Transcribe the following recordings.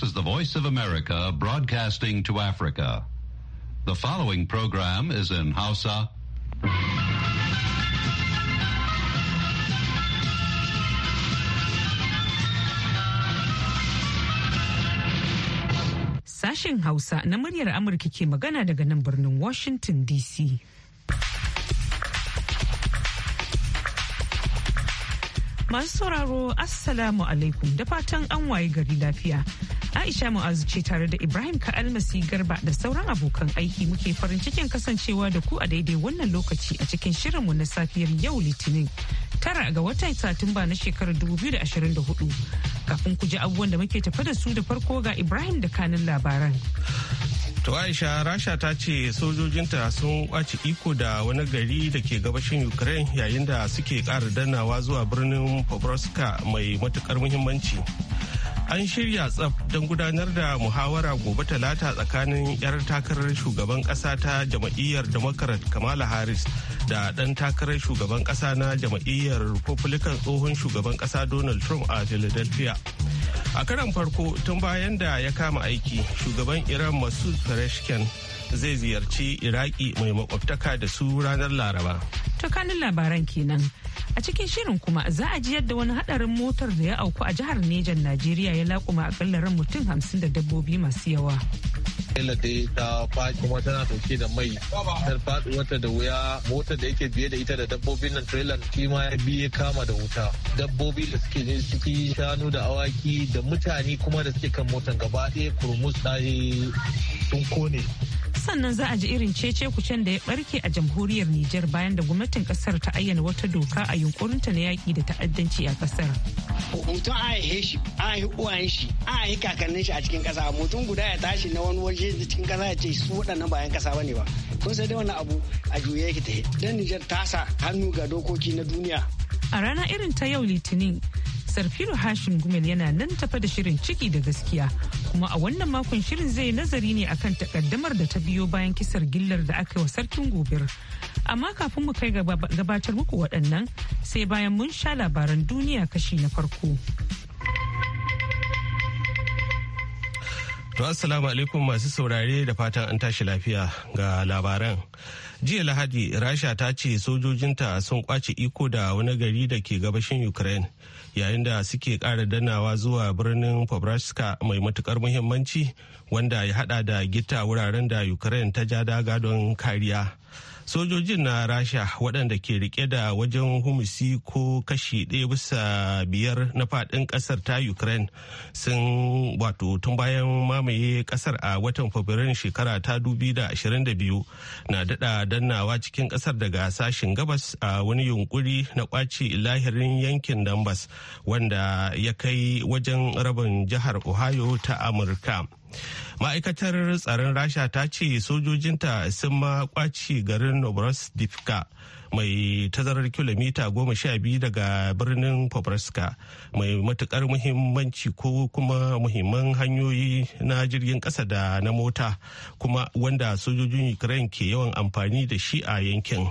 This is the Voice of America broadcasting to Africa. The following program is in Hausa. Sashen Hausa na muryar Amurka ke magana daga nan birnin Washington DC. Masu sauraro Assalamu alaikum da fatan an waye gari lafiya. Aisha Mu'azu ce tare da Ibrahim Ka'almasi Garba da sauran abokan aiki muke farin cikin kasancewa da ku a daidai wannan lokaci a cikin shirinmu na safiyar yau Litinin. Tara ga watan Satumba na shekarar 2024. Kafin ku ji abubuwan da muke tafa da su da farko ga Ibrahim da kanin labaran. To Aisha Rasha ta ce sojojinta sun kwace iko da wani gari da ke gabashin Ukraine yayin da suke ƙara danawa zuwa birnin Pobroska mai matukar muhimmanci. An shirya tsaf don gudanar da muhawara gobe talata tsakanin 'yar takarar shugaban ƙasa ta jama'iyyar Democrat Kamala Harris da ɗan takarar shugaban ƙasa na jama'iyyar Republican tsohon shugaban ƙasa Donald Trump a Philadelphia. a karan farko tun bayan da ya kama aiki shugaban iran masud fereshken zai ziyarci iraki mai makwabtaka da su ranar laraba tukanin labaran kenan a cikin shirin kuma za a ji yadda wani hadarin motar da ya auku a jihar nejan najeriya ya lakuma akalla ran mutum hamsin da dabbobi masu yawa illa dai ta faɗi kuma tana dauke da mai ta faɗi wata da wuya motar da yake biye da ita da dabbobin nan trailer shi ma ya biye kama da wuta dabbobi da suke ne ciki shanu da awaki da mutane kuma da suke kan motar gaba ɗaya kurmus sun kone sannan za a ji irin cece kucen da ya barke a jamhuriyar Nijar bayan da gwamnatin kasar ta ayyana wata doka a yunkurinta na yaki da ta'addanci a kasar. Mutum a haihe shi, a haihe uwayen shi, a haihe kakannin shi a cikin kasa. Mutum guda ya tashi na wani waje da cikin kasa ya ce su waɗannan bayan kasa ba ne ba. Kun sai dai wani abu a juya yake ta Dan Nijar ta sa hannu ga dokoki na duniya. A rana irin ta yau Litinin, Sarfiru Hashim Gumel yana nan tafa da shirin ciki da gaskiya. Kuma a wannan makon shirin zai nazari ne akan takaddamar da ta biyo bayan kisar gillar da aka yi wa sarkin gobir. Amma kafin mu kai gabatar muku waɗannan sai bayan mun sha labaran duniya kashi na farko. To assalamu alaikum masu saurare da fatan an tashi lafiya ga labaran. Jiya Lahadi, Rasha ta ce sojojinta sun kwace iko da wani gari da ke gabashin Ukraine. yayin da suke ƙara danawa zuwa birnin pobraska mai matukar muhimmanci wanda ya hada da gita wuraren da Ukraine ta ja daga don kariya. sojojin na rasha waɗanda ke rike da wajen humusi ko kashi ɗaya bisa biyar na faɗin ƙasar ta ukraine sun wato tun bayan mamaye ƙasar a watan fabrairun shekara ta biyu na daɗa dannawa cikin ƙasar daga sashen gabas a wani yunkuri na ƙwace lahirin yankin dambas wanda ya kai wajen rabin jihar ohio ta amurka ma'aikatar tsaron rasha ta ce sojojinta sun ma kwaci garin novorodivka mai tazarar kilomita goma sha biyu daga birnin popraska mai matukar muhimmanci ko kuma muhimman hanyoyi na jirgin kasa da na mota kuma wanda sojojin ukraine ke yawan amfani da shi a yankin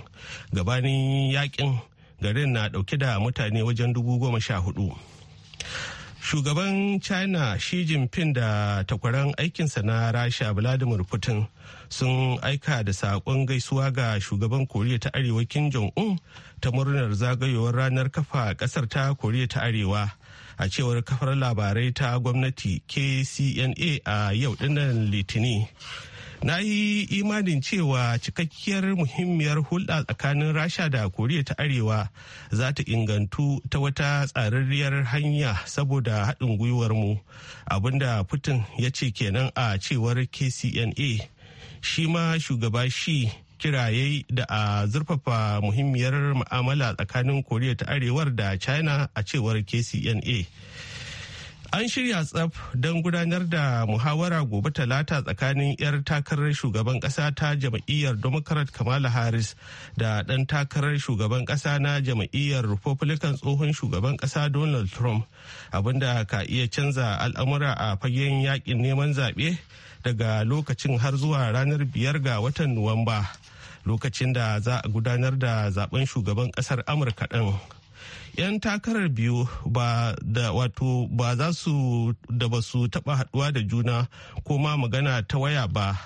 gabanin yakin garin na dauke da mutane wajen dubu goma sha hudu shugaban china Xi jinping da takwaran aikinsa na rasha vladimir putin sun aika da saƙon gaisuwa ga shugaban koriya ta arewa kim jong-un ta murnar zagayowar ranar kafa ƙasar ta koriya ta arewa a cewar kafar labarai ta gwamnati kcna a yau dinnan litini na yi imanin cewa cikakkiyar muhimmiyar hulɗa tsakanin rasha da koriya ta arewa za ta ingantu ta wata tsararriyar hanya saboda haɗin gwiwar gwiwarmu abinda putin ya ce kenan a cewar kcna shi ma shugaba shi kiraye da a zurfafa muhimmiyar ma'amala tsakanin koriya ta arewar da china a cewar kcna An shirya tsaf don gudanar da muhawara gobe talata tsakanin 'yar takarar shugaban ƙasa ta jam'iyyar Democrat Kamala Harris da ɗan takarar shugaban ƙasa na jam'iyyar Republican tsohon shugaban ƙasa Donald Trump abinda ka iya canza al'amura a fagen yakin neman zaɓe daga lokacin har zuwa ranar biyar ga watan Nuwamba lokacin da za a gudanar da zaben shugaban ƙasar Amurka ɗin. 'yan takarar biyu ba da wato ba za su da ba su taba haduwa da juna ko ma magana ta waya ba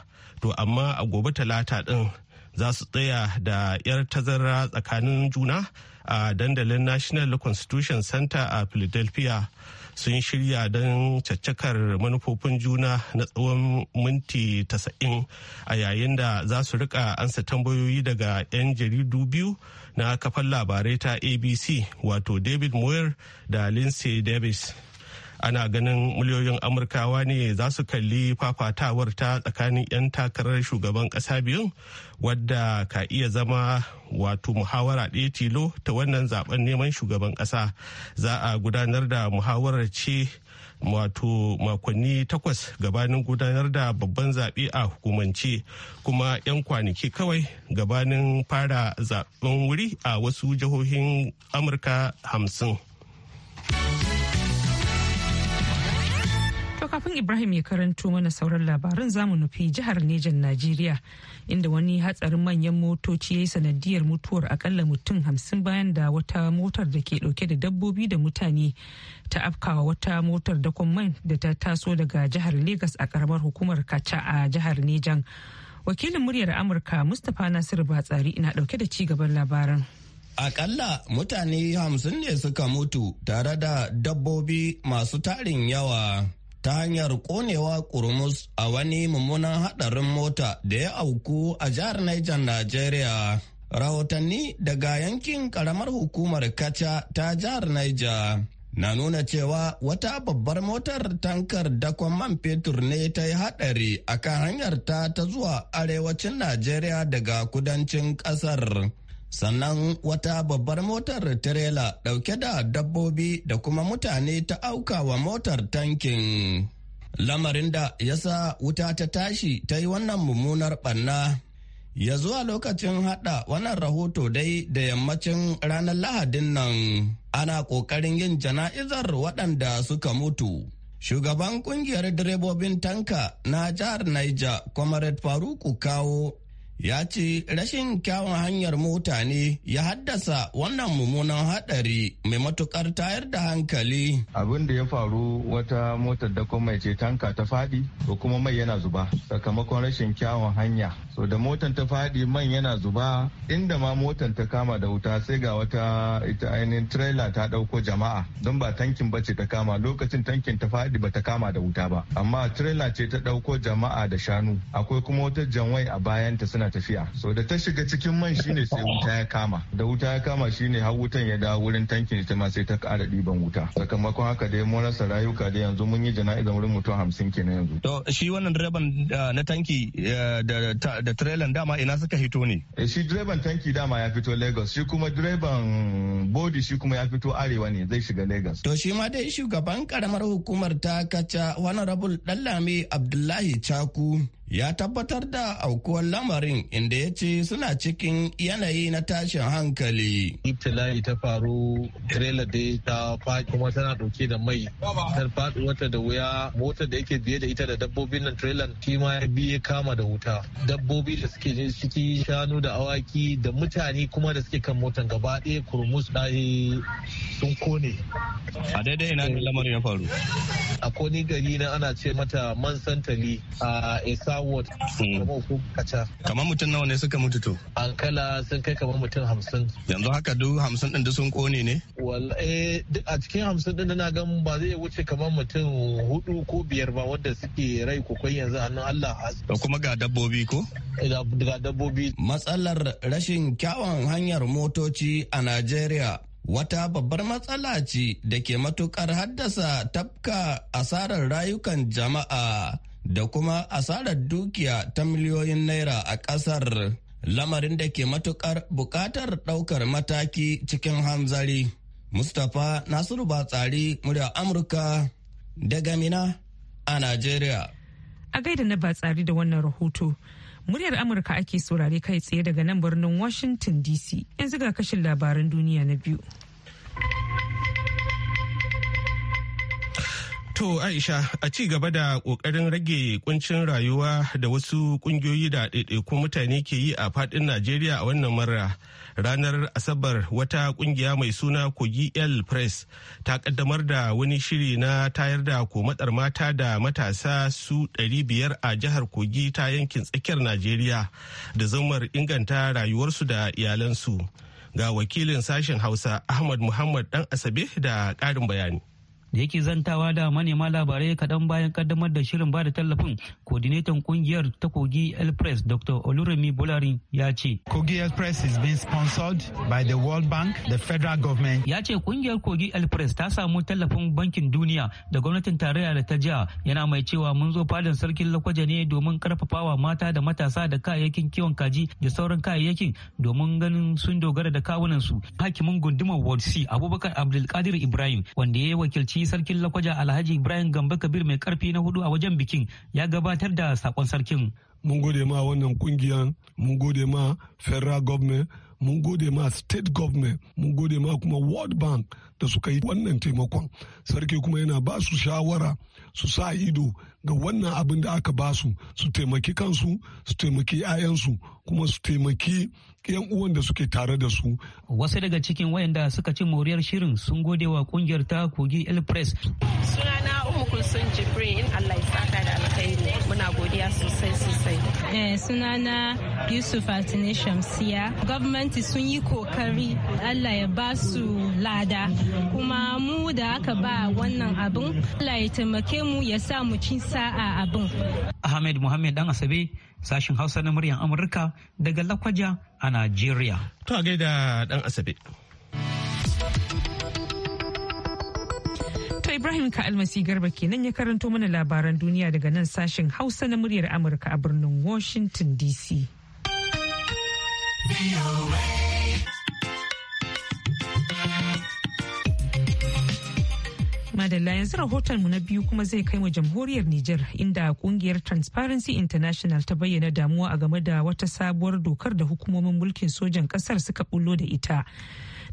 to amma a gobe talata din za su tsaya da 'yar tazara tsakanin juna a dandalin national constitution center a philadelphia sun shirya don caccakar manufofin juna na tsawon minti 90 a yayin da za su rika ansa tambayoyi daga 'yan jaridu biyu na kafan labarai ta abc wato david moyer da lindsay davis ana ganin miliyoyin amurkawa ne za su kalli fafatawar ta tsakanin 'yan takarar shugaban kasa biyun wadda ka iya zama wato muhawara ɗaya tilo ta wannan zaben neman shugaban kasa za a gudanar da muhawarar ce wato makonni takwas gabanin gudanar da babban zaɓe a hukumance kuma 'yan kwanaki kawai gabanin fara zaben wuri a wasu jihohin amurka hamsin. To kafin Ibrahim ya karanto mana sauran labaran zamu nufi jihar Nejan Najeriya inda wani hatsarin manyan motoci ya yi sanadiyar mutuwar akalla mutum hamsin bayan da wata motar da ke dauke da dabbobi da mutane ta afkawa wata motar da man da ta taso daga jihar Legas a karamar hukumar Kacha a jihar Nejan. Wakilin muryar Amurka Mustapha Nasiru Batsari ina dauke da ci gaban labaran. Akalla mutane hamsin ne suka mutu tare da dabbobi masu tarin yawa. ta hanyar konewa kurmus a wani mummunan haɗarin mota da ya auku a jihar Niger Najeriya. Rahotanni daga yankin karamar hukumar Kacha ta jihar Niger na nuna cewa wata babbar motar tankar dakon man fetur ne ta yi haɗari a kan hanyar ta ta zuwa arewacin Najeriya daga kudancin ƙasar. sannan wata babbar motar tirela dauke da dabbobi da kuma mutane ta auka wa motar tankin lamarin da ya sa wuta ta tashi ta yi wannan mummunar ɓanna ya zuwa lokacin hada wannan rahoto dai da yammacin ranar lahadin nan ana ƙoƙarin yin jana'izar waɗanda suka mutu shugaban kungiyar direbobin tanka na jihar niger comrade faruku kawo ya ce rashin kyawun hanyar mota ne ya haddasa wannan mummunan hadari mai matukar tayar da hankali. Abin da ya faru wata motar dakon mai ce tanka ta faɗi, ko kuma mai yana zuba sakamakon rashin kyawun hanya. So da motar ta faɗi, man yana zuba inda ma motar ta kama da wuta sai ga wata ita ainihin trailer ta ɗauko jama'a don ba tankin bace ta kama lokacin tankin ta faɗi, ba ta kama da wuta ba amma trailer ce ta ɗauko jama'a da shanu akwai kuma wata janwai a bayanta suna tana tafiya so da ta shiga cikin man shine sai wuta ya kama da wuta ya kama shine har wutan ya dawo wurin tankin ita ma sai ta kara diban wuta sakamakon haka dai mun rasa rayuka da yanzu mun yi jana'izan wurin mutum hamsin kenan yanzu. to shi wannan direban eh, na tanki eh, da trailer dama ina suka hito ne. Eh, shi direban tanki dama ya fito lagos shi kuma direban bodi shi kuma ya fito arewa ne zai shiga lagos. to shi ma dai shugaban karamar hukumar ta kaca wani rabul dallame abdullahi chaku ya tabbatar da aukuwar lamarin inda ya ce suna cikin yanayi na tashin hankali. Ibtila'i ta faru trailer dai ta faɗi kuma tana ɗauke da mai. Ta faɗi wata da wuya motar da yake biye da ita da dabbobin nan trailer shi ma ya biye kama da wuta. Dabbobi da suke ciki shanu da awaki da mutane kuma da suke kan motar gaba ɗaya kurmus ɗaya sun kone. A daidai ina lamarin ya faru. A koni gari na ana ce mata man santali a isa Kaza Ward. Hmm. Kamar mutum nawa ne suka mutu to? An kala sun kai kamar mutum hamsin. Yanzu haka duk hamsin ɗin sun kone ne? Wallahi eh, duk a cikin hamsin ɗin na gan ba zai wuce kamar mutum hudu ko biyar ba wanda suke rai kai yanzu hannun allah Allah. Da kuma ga dabbobi ko? Eh, ga dabbobi. Matsalar rashin kyawun hanyar motoci a Najeriya wata babbar matsala ce da ke matukar haddasa tafka asarar rayukan jama'a. da kuma asarar dukiya ta miliyoyin naira a ƙasar lamarin da ke matuƙar buƙatar ɗaukar mataki cikin hanzari. Mustapha Nasiru Batsari murya Amurka daga Mina a Najeriya. A gaida na Batsari da wannan rahoto. Muryar Amurka ake saurare kai tsaye daga nan birnin Washington DC. Yanzu ga kashin labaran duniya na biyu. To Aisha a ci gaba da ƙoƙarin rage kuncin rayuwa da wasu ƙungiyoyi da ɗaiɗaikun mutane ke yi a faɗin Najeriya a wannan mara. Ranar Asabar wata ƙungiya mai suna Kogi L Press ta ƙaddamar da wani shiri na tayar da komatsar mata da matasa su biyar a jihar Kogi ta yankin tsakiyar Najeriya da zomar inganta rayuwarsu da iyalansu. Ga wakilin sashen Hausa Ahmad Muhammad ɗan Asabe da ƙarin bayani. da yake zantawa da manema labarai kaɗan bayan kaddamar da shirin ba da tallafin coordinator kungiyar ta kogi press dr oluremi bolari ya ce kogi press is being sponsored by the world bank the federal government ya ce kungiyar kogi press ta samu tallafin bankin duniya da gwamnatin tarayya da ta jiha yana mai cewa mun zo fadin sarkin lakwaje ne domin karfafawa mata da matasa da kayayyakin kiwon kaji da sauran kayayyakin domin ganin sun dogara da kawunan kawunansu hakimin gundumar world c abubakar abdulkadir ibrahim wanda ya yi wakilci sarkin lakwaja alhaji ibrahim gambo kabir mai karfi na hudu a wajen bikin ya gabatar da sakon sarkin mun gode ma wannan kungiya mun gode ma federal government mun gode ma state government mun gode ma kuma world bank da suka yi wannan taimakon sarki kuma yana ba su shawara su sa ido ga wannan abin da aka ba su su taimaki kansu su taimaki 'ya'yansu kuma su taimaki yan uwan da suke tare da su. Wasu daga cikin wayanda suka ci moriyar shirin sun gode wa kungiyar ta Kogi El Press. Sunana Umu Kulsun Jibrin in Allah ya saka da alkhairi muna godiya sosai sosai. Eh sunana Yusuf Altine Shamsiya. Gwamnati sun yi kokari Allah ya ba su lada kuma mu da aka ba wannan abin Allah ya taimake mu ya sa mu cin sa'a abin. Ahmed Muhammad Dan Asabe sashen Hausa na muryar Amurka daga Lakwaja a Najeriya. To a gaida dan Asabe. To Ibrahim ka almasi garba kenan ya karanto mana labaran duniya daga nan sashen Hausa na muryar Amurka a birnin Washington DC. Madalla yanzu rahotonmu na biyu kuma zai kai mu jamhuriyar Nijar inda kungiyar Transparency International ta bayyana damuwa a game da wata sabuwar dokar da hukumomin mulkin sojan kasar suka bullo da ita.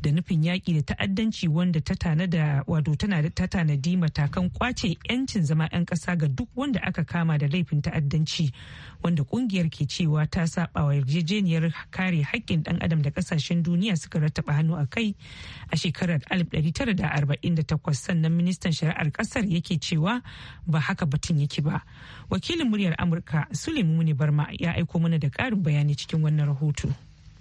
da nufin yaƙi da ta'addanci wanda ta tanada wato tana ta tanadi matakan kwace 'yancin zama 'yan ƙasa ga duk wanda aka kama da laifin ta'addanci wanda ƙungiyar ke cewa ta saba wa yarjejeniyar kare haƙƙin ɗan adam da ƙasashen duniya suka rattaba hannu a kai a shekarar 1948 sannan ministan shari'ar ƙasar yake cewa ba haka batun yake ba wakilin muryar amurka suleiman muni barma ya aiko mana da ƙarin bayani cikin wannan rahoto.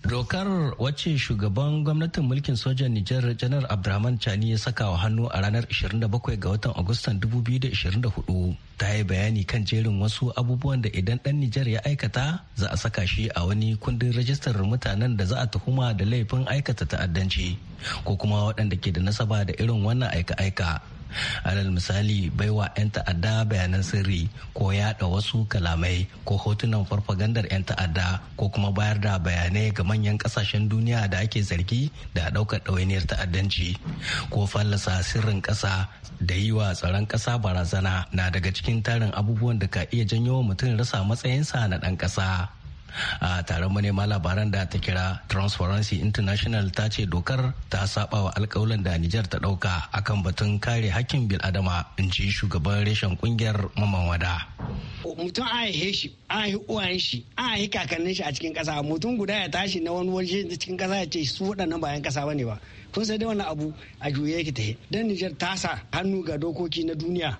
Dokar wacce shugaban gwamnatin mulkin sojan Nijar Janar Abdurrahman Chani ya saka wa hannu a ranar 27 ga watan Agustan 2024 ta yi bayani kan jerin wasu abubuwan da idan ɗan Nijar ya aikata za a saka shi a wani kundin rajistar mutanen da za a tuhuma da laifin aikata ta'addanci ko kuma waɗanda ke da nasaba da irin wannan aika-aika. alal misali baiwa 'yan ta'adda bayanan sirri ko yada wasu kalamai ko hotunan farfagandar 'yan ta'adda ko kuma bayar da bayanai ga manyan kasashen duniya da ake zargi da daukar ɗawainiyar ta'addanci ko fallasa sirrin ƙasa da yi wa tsaron ƙasa barazana na daga cikin tarin abubuwan da ka iya janyo mutum rasa matsayinsa na ɗan ƙasa a taron manema labaran da ta kira transparency international ta ce dokar ta saba wa alkawalin da nijar ta dauka akan batun kare hakkin adama in ji shugaban reshen kungiyar maman wada mutum a yi shi a yi uwayen shi a yi kakannin shi a cikin kasa mutum guda ya tashi na wani waje cikin kasa ya ce su waɗannan bayan kasa bane ba kun sai da wani abu a juye yake ta dan nijar ta sa hannu ga dokoki na duniya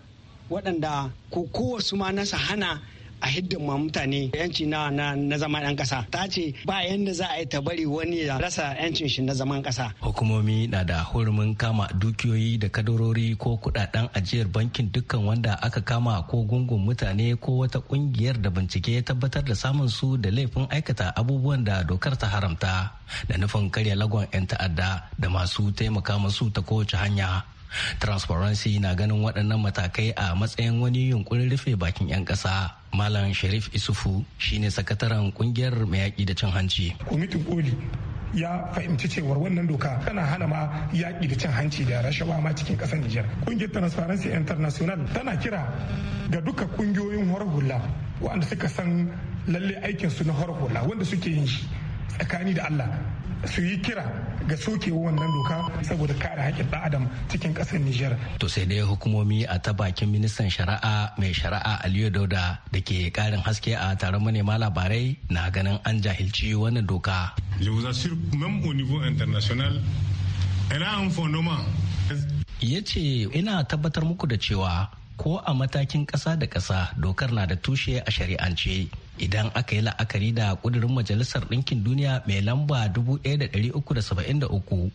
waɗanda ko kowasu ma na hana a hidda ma mutane yanci na na zama yan kasa ta ce ba yanda za a yi ta bari wani ya rasa yancin shi na zaman kasa. hukumomi na da hurumin kama dukiyoyi da kadarori ko kudaden ajiyar bankin dukkan wanda aka kama ko gungun mutane ko wata kungiyar da bincike ya tabbatar da samun su da laifin aikata abubuwan da dokar ta haramta da nufin karya lagon 'yan ta'adda da masu taimaka masu ta kowace hanya transparency na ganin waɗannan matakai a matsayin wani yunkurin rufe bakin 'yan ƙasa malam sharif isufu shine sakataren kungiyar yaƙi da cin hanci kwamitin koli ya fahimci cewar wannan doka tana hana ma yaƙi da cin hanci da rashawa ma cikin ƙasar nijar kungiyar transparency international tana kira ga duka ƙungiyoyin horar hula waɗanda suka san lalle aikinsu na horar wanda suke yin shi tsakani da allah su yi kira ga soke wannan doka saboda kare haƙƙin ɗan adam cikin ƙasar Nijar. To sai dai hukumomi a ta bakin ministan shari'a mai shari'a Aliyu Dauda da ke ƙarin haske a taron manema labarai na ganin an jahilci wannan doka. Je vous assure même au international elle a un fondement. Ya ce ina tabbatar muku da cewa ko a matakin ƙasa da ƙasa dokar na da tushe a shari'ance idan aka yi la'akari da kudurin majalisar ɗinkin duniya mai lamba 1373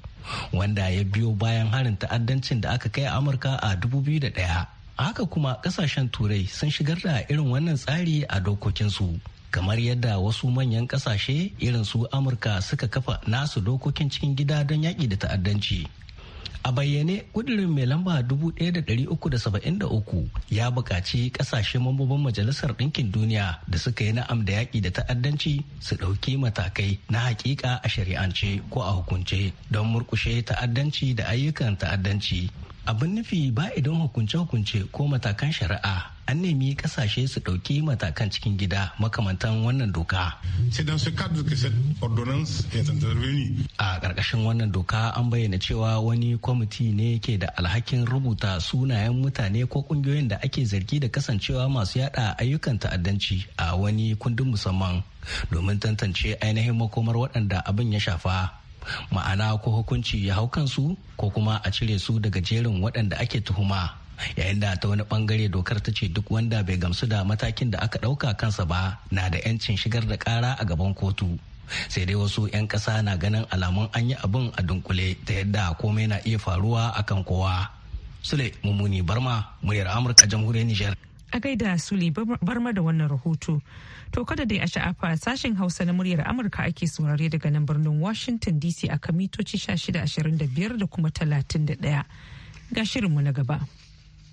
wanda ya biyo bayan harin ta'addancin da aka kai a amurka a 2001 haka kuma kasashen turai sun shigar da irin wannan tsari a dokokinsu kamar yadda wasu manyan kasashe irin su amurka suka kafa nasu dokokin cikin gida don yaƙi da ta'addanci A bayyane kudirin mai lamba 1373 ya buƙaci ƙasashe mambobin Majalisar Ɗinkin Duniya da suka yi na'am da yaƙi da ta'addanci su ɗauki matakai na haƙiƙa a shari'ance ko a hukunce don murkushe ta'addanci da ayyukan ta'addanci. Abin nufi ba idan hukunce-hukunce ko matakan shari'a an nemi kasashe su ɗauki matakan cikin gida makamantan wannan doka. A ƙarƙashin wannan doka an bayyana cewa wani kwamiti ne ke da alhakin rubuta sunayen mutane ko ƙungiyoyin da ake zargi da kasancewa masu yada ayyukan ta'addanci a wani kundin musamman domin tantance ainihin makomar waɗanda abin ya shafa. ma'ana ko hukunci ya hau kansu ko kuma a cire su daga jerin waɗanda ake tuhuma. yayin da ta wani bangare dokar ta ce duk wanda bai gamsu da matakin da aka ɗauka kansa ba na da 'yancin shigar da kara a gaban kotu sai dai wasu 'yan ƙasa na ganin alamun an yi abin a dunkule ta yadda komai na iya faruwa akan kowa sule mummuni barma muryar amurka jamhuriyar nijar a gaida sule barma da wannan rahoto to kada dai a sha'afa sashen hausa na muryar amurka ake saurare daga nan birnin washington dc a kamitoci 1625 da kuma 31 ga shirinmu na gaba.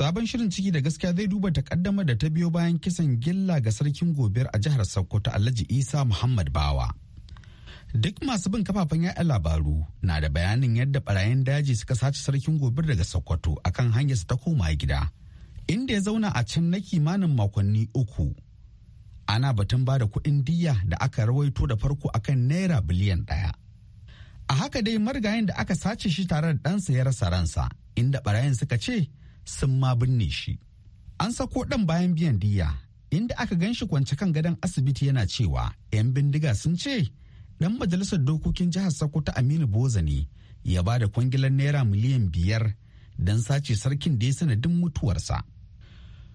Sabon shirin ciki da gaskiya zai duba takaddama da ta biyo bayan kisan gilla ga sarkin gobe a jihar Sokoto Alhaji Isa Muhammad Bawa. Duk masu bin kafafen ya'ya labaru na da bayanin yadda barayin daji suka sace sarkin gobe daga Sokoto akan hanyarsa ta koma gida, inda ya zauna a can na kimanin makonni uku. Ana batun ba da kuɗin diya da aka rawaito da farko akan naira biliyan ɗaya. A haka dai marigayen da aka sace shi tare da ɗansa ya rasa ransa, inda barayin suka ce sun ma binne shi an sako ɗan bayan biyan diya inda aka gan shi kwance kan gadon asibiti yana cewa 'yan bindiga sun ce ɗan majalisar dokokin jihar sokoto aminu boza ne ya ba da kwangilar naira miliyan biyar don sace sarkin da ya sanadin mutuwarsa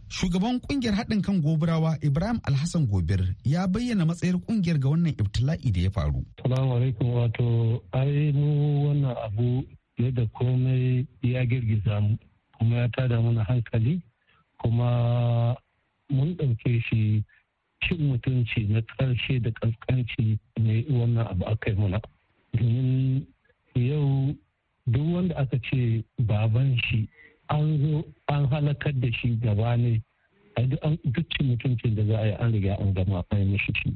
shugaban kungiyar haɗin kan goburawa ibrahim alhassan gobir ya bayyana matsayar kungiyar ga wannan ibtila'i da ya faru salamu alaikum wato ai mu wannan abu yadda komai ya girgiza mu kuma ya tada mana hankali kuma mun ɗauke shi cin mutunci na ƙarshe da ƙanƙanci ne wannan abu aka yi muna domin yau duk wanda aka ce baban shi an zo an halakar da shi gaba ne duk cin mutuncin da za a yi an riga an gama an yi mishi shi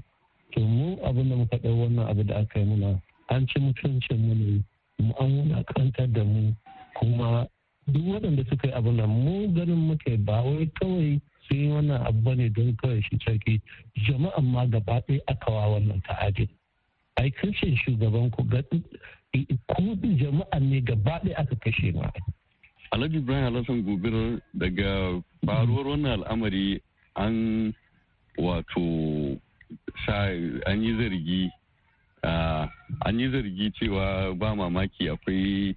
to mu abin da muka ɗau wannan abu da aka yi muna an ci mutuncin mu ne mu an kantar da mu kuma duk waɗanda suka yi abu nan mu ganin muka ba wai kawai sai wannan abu bane don kawai shi sarki jama'an ma gaba ɗaya aka wa wannan ta'adin ai kashin shugaban ku ga kudin jama'an ne gaba ɗaya aka kashe ma Alhaji Ibrahim Alhassan Gobir daga faruwar wannan al'amari an wato an yi zargi ah, an yi zargi cewa ba mamaki akwai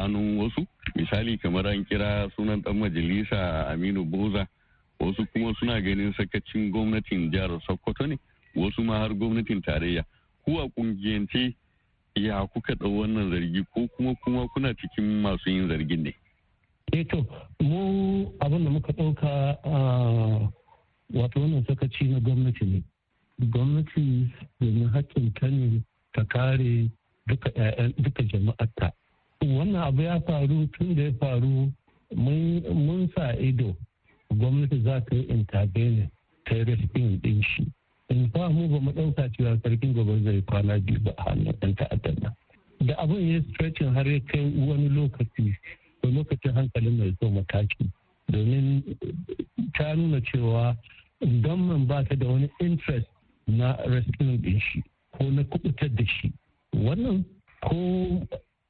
hannun wasu misali kamar an kira sunan dan majalisa aminu boza wasu kuma suna ganin sakacin gwamnatin jihar sokoto ne wasu ma har gwamnatin tarayya ku a kungiyance ya kuka ɗau wannan zargi ko kuma kuma kuna cikin masu yin zargin ne eh to mu abin da muka ɗauka ah, wato wannan sakaci na gwamnati ne gwamnati domin hakkin ta ne ta kare duka ta. wannan abu ya faru tun da ya faru mun sa ido gwamnati za ta yi intabene ta yi rafin din shi in ba mu ba mu ɗauka cewa sarkin gobe zai kwana biyu ba hannun ɗan ta'addar da abin ya stretching har ya kai wani lokaci da lokacin hankalin mai so mataki domin ta nuna cewa gwamnan ba ta da wani interest na rescuing din shi ko na kubutar da shi wannan ko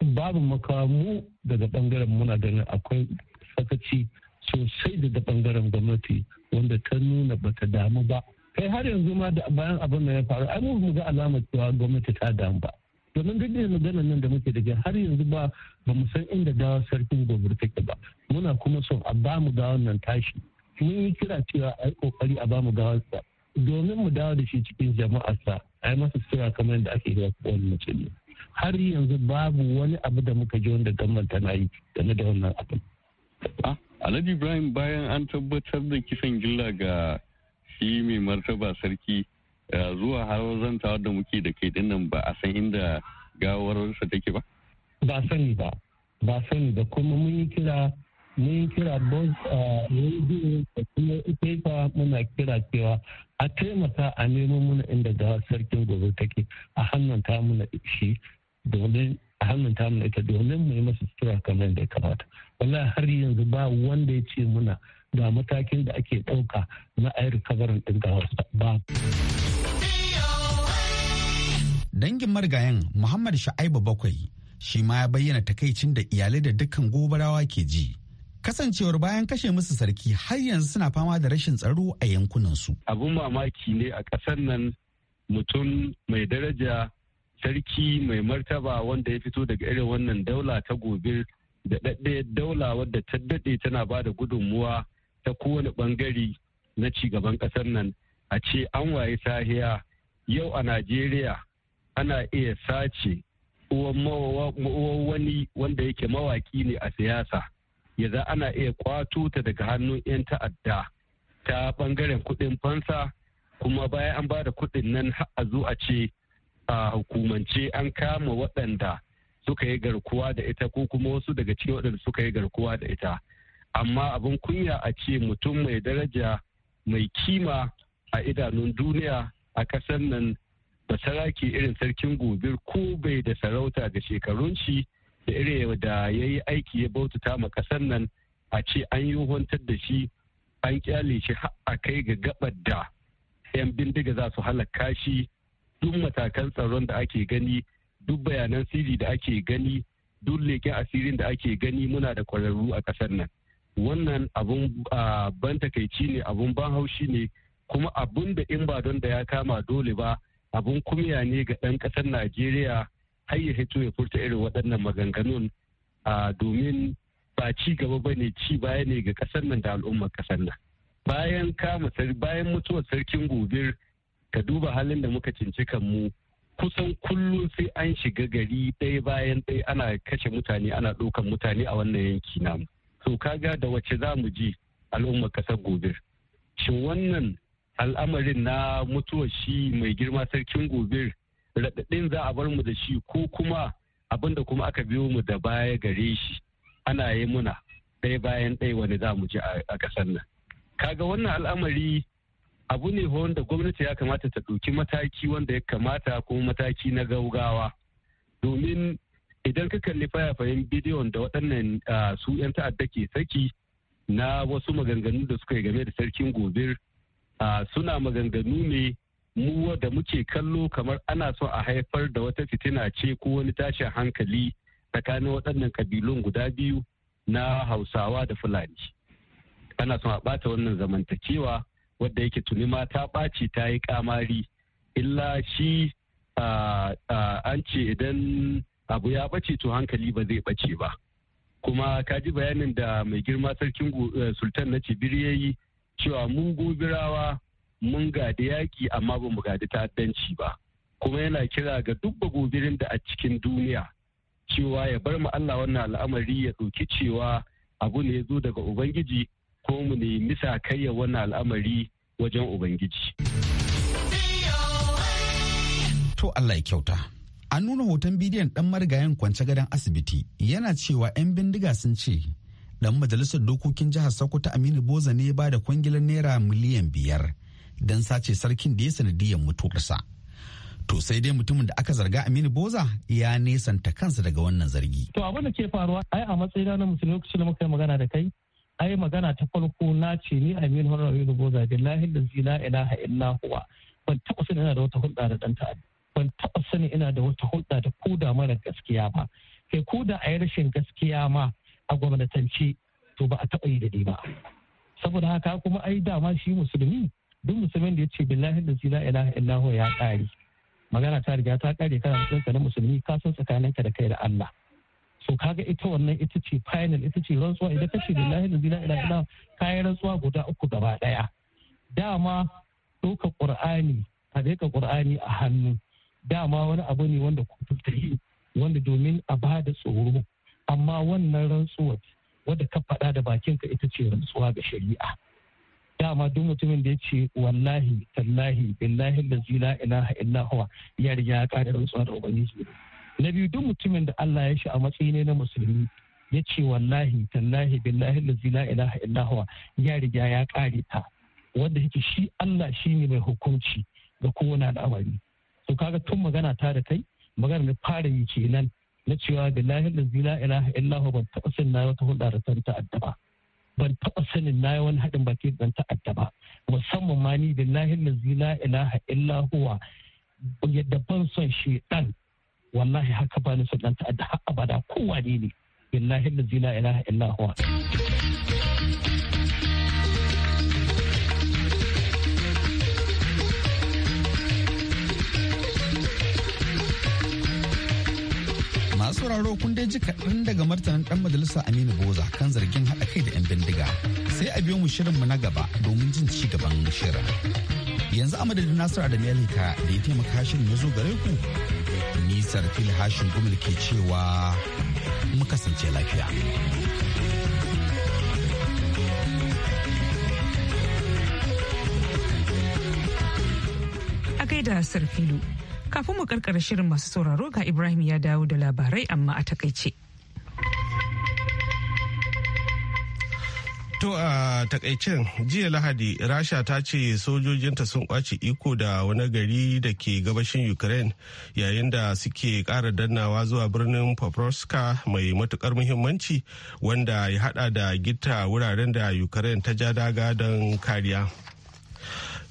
babu makamu daga bangaren muna ganin akwai sakaci sosai daga bangaren gwamnati wanda ta nuna bata damu ba kai har yanzu ma da bayan abin da ya faru ai mu ga alamar cewa gwamnati ta damu ba domin duk da magana nan da muke daga har yanzu ba ba mu san inda dawa sarkin gobir take ba muna kuma so a ba mu gawan nan tashi mun yi kira cewa ai kokari a ba mu gawan sa domin mu dawo da shi cikin jama'a sa ai masa sira kamar yadda ake yi wa kowane mutum har yanzu babu wani abu da muka ji wanda gamar tana yi game da wannan abin. Ah, Alhaji Ibrahim bayan an tabbatar da kisan gilla ga shi mai martaba sarki zuwa har zantawa da muke da kai dinnan ba a san inda gawarsa take ba? Ba sani ba, ba sani ba kuma mun yi kira mun kira bos a ah, radio da kuma ita muna kira cewa a taimaka a nemo muna inda gawar sarkin gobe take a hannun ta muna shi domin a hannunta ita domin mu yi masa sutura kamar da ya kamata wallahi har yanzu ba wanda ya ce muna ga matakin da ake ɗauka na ayi yi din ga gawarsa ba. Dangin marigayen Muhammad Sha'aibu bakwai shi ma ya bayyana takaicin da iyalai da dukkan gobarawa ke ji. Kasancewar bayan kashe musu sarki har yanzu suna fama da rashin tsaro a yankunansu. Abun mamaki ne a ƙasar nan mutum mai daraja sarki mai martaba wanda ya fito daga irin wannan daula ta gobe da daɗe daula wadda ta daɗe tana ba da gudunmuwa ta kowane ɓangare na cigaban ƙasar nan a ce an waye sahiya yau a najeriya ana iya sace uwan wani wanda yake mawaki ne a siyasa za ana iya kwato ta daga hannun 'yan ta'adda ta ɓangaren kuɗin fansa kuma bayan an ba da kuɗin nan a zo a ce a hukumance an kama waɗanda suka yi garkuwa da ita ko kuma wasu daga cikin waɗanda suka yi garkuwa da ita amma abin kunya a ce mutum mai daraja mai kima a idanun duniya a ƙasar nan saraki irin sarkin gobir ko bai da sarauta ga shekarun shi da irin da ya yi aiki ya bautata ma ƙasar nan a ce an yi wantar da shi an kyale shi a kai ga gabar da 'yan bindiga za su halakka shi duk matakan tsaron da ake gani duk bayanan sirri da ake gani duk leƙen asirin da ake gani muna da kwararru a ƙasar nan wannan abun ban takaici ne abun ban haushi ne kuma abun da in ba don da ya kama dole ba abun kumiya ne ga ɗan ƙasar najeriya har ya hito ya furta irin waɗannan maganganun domin ba ci gaba ba ne ci baya ne ga ƙasar nan da al'ummar ƙasar nan bayan kama bayan mutuwar sarkin gobir ka duba halin da muka cinci mu kusan kullum sai an shiga gari ɗaya bayan ɗaya ana kashe mutane ana ɗaukan mutane a wannan yanki namu to ga da wace za mu ji al'ummar ƙasar gobe shin wannan al'amarin na mutuwar shi mai girma sarkin gobe raɗaɗin za a bar mu da shi ko kuma abin da kuma aka biyo mu da baya gare shi ana yi muna ɗaya bayan ɗaya wani za mu ji a ƙasar nan kaga wannan al'amari abu ne wanda gwamnati ya kamata ta ɗauki mataki wanda ya kamata kuma mataki na gaugawa domin idan ka kalli fayafayen bidiyon da waɗannan su 'yan ta'adda ke saki na wasu maganganu da suka yi game da sarkin gobe suna maganganu ne mu da muke kallo kamar ana so a haifar da wata fitina ce ko wani tashin hankali tsakanin waɗannan kabilun guda biyu na hausawa da fulani ana so a ɓata wannan zamantakewa wadda yake tuni ma ta ɓaci ta yi kamari illa shi an ce idan abu ya ɓace to hankali ba zai ɓace ba kuma ka ji bayanin da mai girma sarkin eh, sultan na cibiri ya yi cewa mun gobirawa mun gadi yaƙi amma ba mu gadi ta'addanci ba kuma yana kira ga duk gobirin da a cikin duniya cewa ya bar mu Allah wannan al'amari ya ɗauki cewa abu ne ya zo daga Ubangiji ko mu nemi kayya wannan al'amari wajen ubangiji to Allah ya kyauta an nuna hoton bidiyon ɗan marigayen kwance gadon asibiti yana cewa 'yan bindiga sun ce dan majalisar dokokin jihar sokoto aminu boza ne ba da kwangilar naira miliyan biyar don sace sarkin da ya sanadiyar mutuwarsa to sai dai mutumin da aka zarga aminu boza ya nesanta kansa daga wannan zargi to abin da ke faruwa ai a matsayina na musulmi lokacin da muka yi magana da kai ai magana ta farko na ce ni Aminu Horar Aminu Boza billahi da zina ilaha illa huwa ban taɓa sani ina da wata hulɗa da ɗan ta'adda ban taɓa sani ina da wata hulɗa da ko da mara gaskiya ba kai ko da a yi rashin gaskiya ma a gwamnatance to ba a taɓa yi da ni ba saboda haka kuma ai dama shi musulmi duk musulmin da ya ce billahi da zina zila ilaha huwa ya ƙare magana ta riga ta ƙare kana musulunka na musulmi ka san tsakaninka da kai da Allah so kaga ita wannan ita ce final ita ce rantsuwa idan kace da zina ina ina kayan rantsuwa guda uku gaba daya dama ɗaukar qur'ani a ɗaukar qur'ani a hannu dama wani abu ne wanda kotu ta yi wanda domin a ba da tsoro amma wannan rantsuwar wadda ka faɗa da bakinka ita ce rantsuwa ga shari'a dama duk mutumin da ya ce wallahi tallahi billahi da zina ina huwa ya ya rantsuwa da ubangiji na biyu duk mutumin da Allah ya shi a matsayi ne na musulmi ya ce wallahi tallahi billahi lazi la ilaha illahuwa ya riga ya kare ta wanda yake shi Allah shi ne mai hukunci ga kowane al'amari to kaga tun magana ta da kai magana da fara yi kenan na cewa billahi lazi la ilaha illahuwa ban taɓa sanin na wata hulɗa da ta ta'adda ba ban taɓa sanin na wani haɗin baki da ta'adda ba musamman ma ni billahi lazi la ilaha illahuwa yadda ban son shi ɗan wallahi haka bani ni son dan ta'adda har abada kowa ne ne billahi allazi la ilaha illa huwa masu sauraro kun dai ji kaɗan daga martanin ɗan majalisa aminu boza kan zargin haɗa kai da 'yan bindiga sai a biyo mu shirinmu na gaba domin jin ci gaban shirin yanzu a madadin nasir adam da ya taimaka shirin ya zo gare ku nisar fil hashin gumil ke cewa mu kasance lafiya a gaida sarfilu kafin mu karkara shirin masu sauraro ga ibrahim ya dawo da labarai amma a takaice. To a takaicen jiya Lahadi Rasha ta ce sojojinta sun kwace iko da wani gari da ke gabashin Ukraine yayin da suke ƙara dannawa zuwa birnin poproska mai matukar muhimmanci wanda ya hada da gita wuraren da Ukraine ta ja daga don kariya.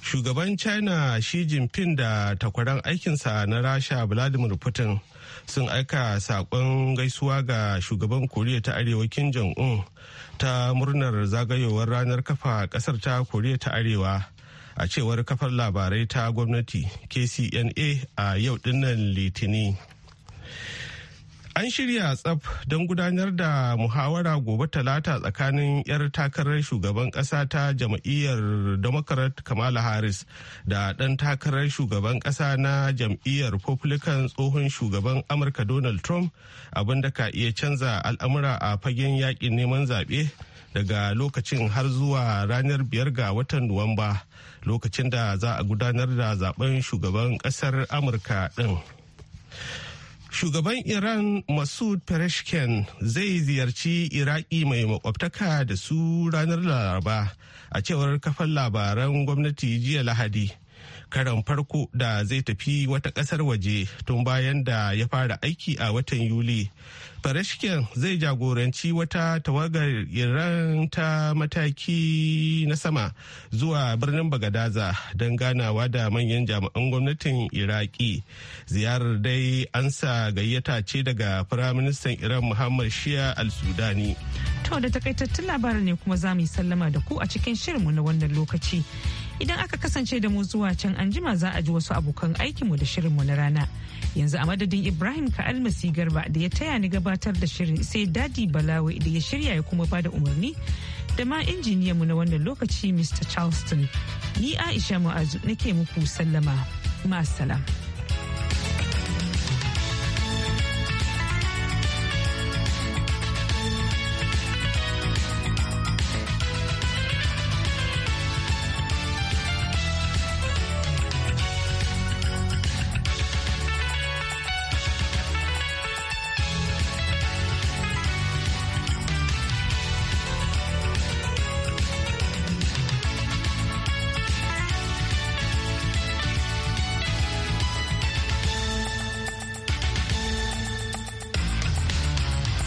Shugaban China Xi Jinping da takwaran aikinsa na Rasha Vladimir Putin. sun aika sakon gaisuwa ga shugaban koriya ta arewa kim jong-un ta murnar zagayowar ranar kafa ƙasar ta koriya ta arewa a cewar kafar labarai ta gwamnati kcna a yau dinnan litini An shirya tsaf don gudanar da muhawara gobe talata tsakanin 'yar takarar shugaban ƙasa ta jam'iyyar Democrat Kamala Harris da ɗan takarar shugaban ƙasa na jam'iyyar Republican tsohon shugaban Amurka Donald Trump abinda ka iya canza al'amura a fagen yakin neman zaɓe daga lokacin har zuwa ranar biyar ga watan Nuwamba lokacin da za a gudanar da zaben shugaban ƙasar Amurka ɗin. shugaban iran masud pereshken zai ziyarci iraki mai makwabtaka da su ranar laraba a cewar kafan labaran gwamnati jiya lahadi karan farko da zai tafi wata kasar waje tun bayan da ya fara aiki a watan yuli farashken zai jagoranci wata tawagar iran ta mataki na sama zuwa birnin bagadaza don ganawa da manyan jami'an gwamnatin iraki ziyarar dai an sa gayyata ce daga firaministan iran muhammad shia al-sudani to da takaitattun labarin ne kuma za mu yi sallama da ku a cikin shirinmu na wannan lokaci Idan aka kasance da mu zuwa can anjima za a ji wasu abokan aikinmu da shirinmu na rana. Yanzu a madadin Ibrahim ka'almasi garba da ya taya ni gabatar da shirin sai Dadi Balawe da ya shirya ya kuma bada umarni da ma injiniyanmu na wannan lokaci Mr. Charleston. Ni Aisha Mu'azu nake muku sallama. Ma'asalam.